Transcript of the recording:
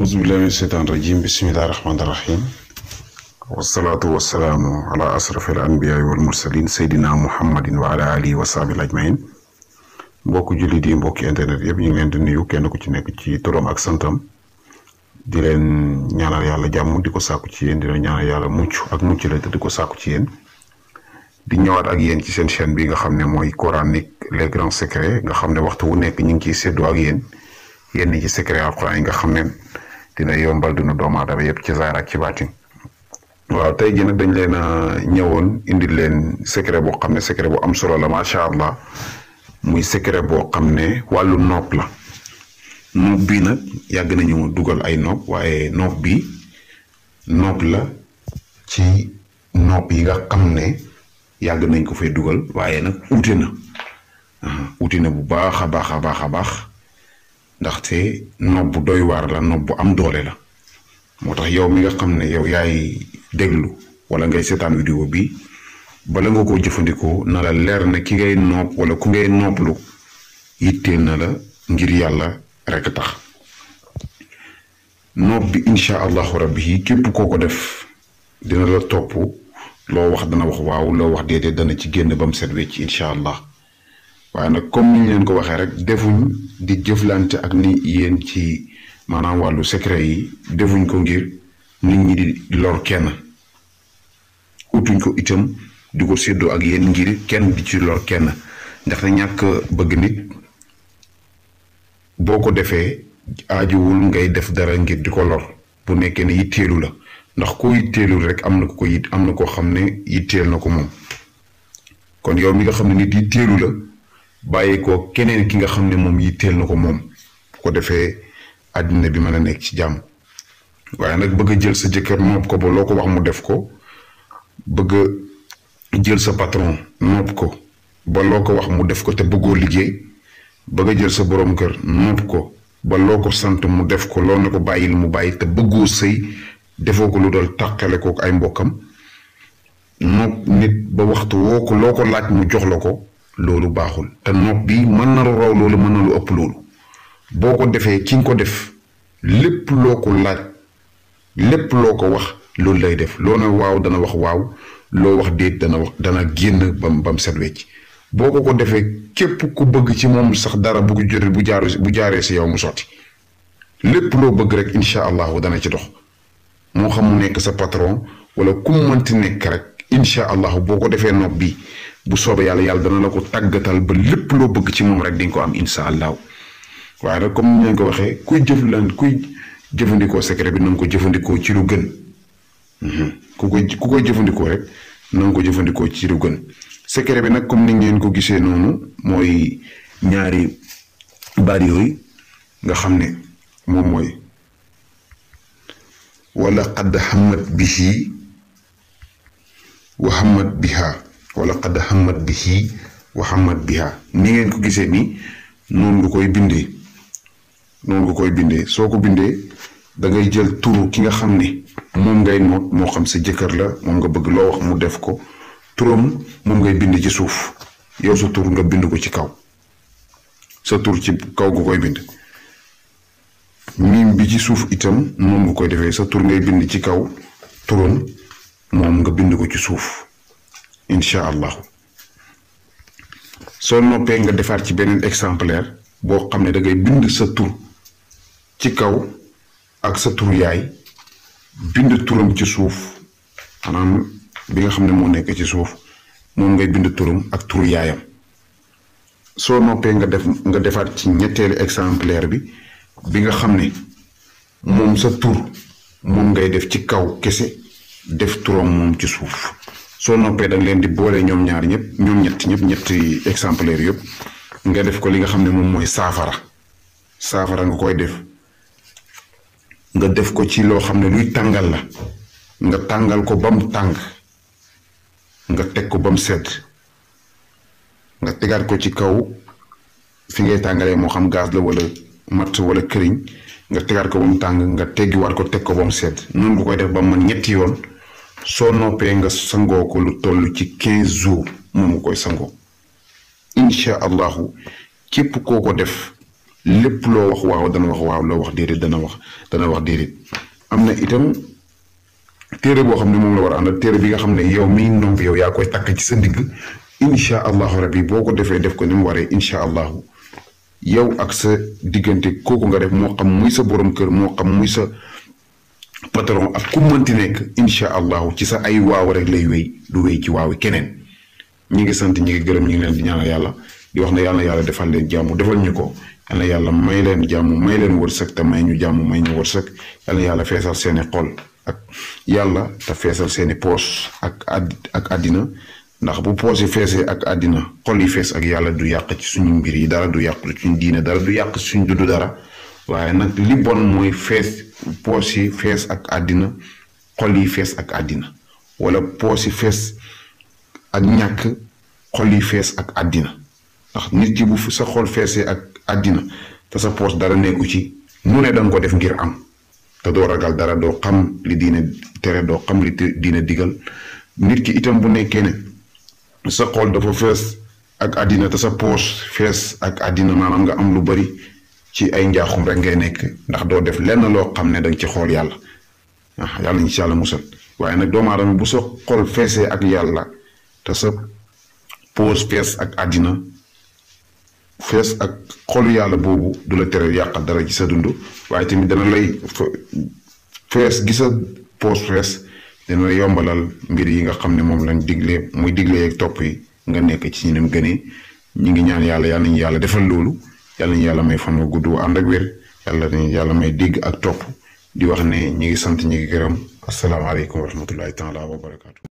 أعوذ بالله من الشيطان الرجيم بسم الله الرحمن الرحيم والصلاة والسلام على أشرف الأنبياء والمرسلين سيدنا محمد وعلى آله وصحبه أجمعين بوكو جولي دي بوكي انترنت ييب نيغي لين دي نيو كين كو تي نيك تي تورم اك سانتام دي لين نيانال يالا جامو ديكو ساكو تي يين دي نيانال يالا موتشو اك موتشي لا ديكو ساكو تي يين di ñëwaat ak yéen ci seen chaîne bi nga xam ne mooy coranique les grands secrets nga xam ne waxtu wu nekk ñu ngi ciy séddoo ak yéen yenn ci secret alquran yi nga xam dina yombal dunu doomu aadama yëpp ci zaar ci baatin waaw tey jii nag dañ leen a ñëwoon indil leen secret boo xam ne secret boo am solo la macha allah muy secret boo xam ne wàllu nopp la nopp bii nag yàgg nañu dugal ay nopp waaye nopp bi nopp la ci nopp yi nga xam ne yàgg nañ ko fay dugal waaye nag uute na ah, uute na bu baax a baax a baax a baax ndaxte nob doy waar la nob am doole la moo tax yow mi nga xam ne yow yaay déglu wala ngay seetaan vidéo bi bala nga koo jëfandikoo na la leer ne ki ngay nopp wala ku ngay nopplu yittee na la ngir yàlla rek tax nopp bi incha allahu rabbi képp koo ko def dina la topp loo wax dana wax waaw loo wax déedéet dana ci génn ba mu set wecc incha allah waaye nag comme ni leen ko waxee rek defuñ di jëflante ak ni yéen ci maanaam wàllu secret yi defuñ ko ngir nit ñi di lor kenn utuñ ko itam di ko séddoo ak yéen ngir kenn di ci lor kenn ndaxte ñàkk bëgg nit boo ko defee aajuwul ngay def dara ngir di ko lor bu nekkee ne yitteelu la ndax koo yitteelul rek am na ko ko yit am na koo xam ne yitteel na ko moom kon yow mi nga xam ne nit yitteelu la bàyyi ko keneen ki nga xam ne moom yi teel na ko moom bu ko defee àddina bi mën a nekk ci jàmm waaye nag bëgg jël sa jëkkër noob ko ba loo ko wax mu def ko bëgg a jël sa patron noob ko ba loo ko wax mu def ko te bëggoo liggéey bëgg a jël sa borom kër noob ko ba loo ko sant mu def ko loo ne ko bàyyil mu bàyyi te bëggoo sëy defoo ko lu dal tàqale ko ay mbokkam noob nit ba waxtu woo ko loo ko laaj mu jox la ko loolu baaxul te nopp bi mën na lu raw loolu mën na lu ëpp loolu boo ko defee ki nga ko def lépp loo ko laaj lépp loo ko wax loolu lay def loo na waaw dana wax waaw loo wax déet dana wax dana génn bam bam set wecc boo ko ko defee képp ku bëgg ci moom sax dara bu ko jotee bu jaaru bu jaaree si yow mu sotti lépp loo bëgg rek incha allahu dana ci dox moo xam mu nekk sa patron wala ku mënti nekk rek incha allahu boo ko defee nopp bi bu soobee yàlla yàlla dana la ko tàggatal ba lépp loo bëgg ci moom rek di nga ko am insha allahu waaye nag comme ngeen ko waxee kuy jëf lan kuy jëfandikoo secret bi na nga jëfandikoo ci lu mhm. koy jëfandikoo rek na ko jëfandikoo ci lu gën secret bi nag comme ni ngeen ko gisee noonu mooy ñaari baat yooyu nga xam ne moom mooy wala qad hammat bihi wa hammat biha wala qad hammat bihi wa hammat biha ni ngeen ko gisee nii noon nga koy bindee noonu nga koy bindee soo ko bindee dangay jël turu ki nga xam ne moom ngay noot moo xam sa jëkkër la moom nga bëgg loo mu def ko turam moom ngay bind ci suuf yow sa tur nga bind ko ci kaw sa tur ci kaw nga koy bind miim bi ci suuf itam noonu nga koy defee sa tur ngay bind ci kaw turam moom nga bind ko ci suuf incha allahu soo noppee nga defaat ci beneen exemplaire boo xam ne dangay bind sa tur ci kaw ak sa tur yaay bind turam ci suuf xanaa bi nga xam ne moo nekk ci suuf moom ngay bind turam ak tur yaayam soo noppee nga def nga defaat ci ñetteelu exemplaire bi bi nga xam ne moom sa tur moom ngay def ci kaw kese def turam moom ci suuf soo noppee da nga leen di boole ñoom ñaar ñëpp ñoom ñett ñëpp ñetti exemplaire yëpp nga def ko li nga xam ne moom mooy saafara saafara nga koy def nga def ko ci loo xam ne luy tàngal la nga tàngal ko ba mu tàng nga teg ko ba mu sedd nga tegaat ko ci kaw fi ngay tàngalee moo xam gaz la wala matt wala këriñ nga tegaat ko tàng nga teggiwaat ko teg ko ba mu sedd noonu nga koy def ba mu mën ñetti yoon. soo noppee nga sangoo ko lu toll ci quinze jours moom nga koy sangoo incha allahu képp koo ko def lépp loo wax waaw dana wax waaw loo wax déedéet dana wax dana wax déedéet am na itam téere boo xam ne moom la war a na téere bi nga xam ne yow mi nomb yow yaa koy takk ci sa ndigg incha allahu rabbi boo ko defee def ko ni mu waree incha allahu yow ak sa diggante kooku nga def moo xam muy sa borom kër moo xam muy sa patron ak ku meunti nek incha allahu ci sa ay waaw rek lay wéy du wéy ci waaw kenen ñi ngi sant ñi ngi gërëm ñi ngi leen di ñaanal yàlla di wax na yàlla yàlla defal leen jàmm defal ñu ko yàlla yàlla may leen jàmm may leen wërsek ta may ñu jàmm may ñu wërsek yàlla yàlla fessal seen xol ak yàlla ta fessal seen poos ak ak adina ndax bu poos fessé ak adina xol yi fess ak yàlla du yàq ci suñu mbir yi dara du yàq ci suñu diine dara du yàq ci suñu dudu dara waaye nag li bon mooy fees poos yi fees ak àddina xol yi fees ak àddina wala poos yi fees ak ñàkk xol yi fees ak àddina ndax nit ki bu sa xol feesee ak àddina te sa poos dara nekku ci mu ne danga ko def ngir am te doo ragal dara doo xam li diine tere doo xam li diine digal nit ki itam bu nekkee ne sa xol dafa fees ak àddina te sa poos fees ak àddina maanaam nga am lu bari ci ay njaaxum rek ngay nekk ndax doo def lenn loo xam ne da ci xool yàlla ah yàlla ñu ci yàlla musal waaye nag doomu aadama bu sa xol feesee ak yàlla te sa pose fees ak àddina fees ak xolu yàlla boobu du la tere yàqal dara ci sa dund waaye tamit dana lay fees gi sa pose fees dana yombalal mbir yi nga xam ne moom lañ digle muy digle yeeg topp yi nga nekk ci ñu nem gënee ñi ngi ñaan yàlla yàlla yàlla defal loolu yàlla ñu yàlla may fan wu gudd ànd ak wér yàlla nañu yàlla may dégg ak topp di wax ne ñi ngi sant ñi ngi gërëm asalaamaaleykum wa rahmatullahi taala wa barakaatu.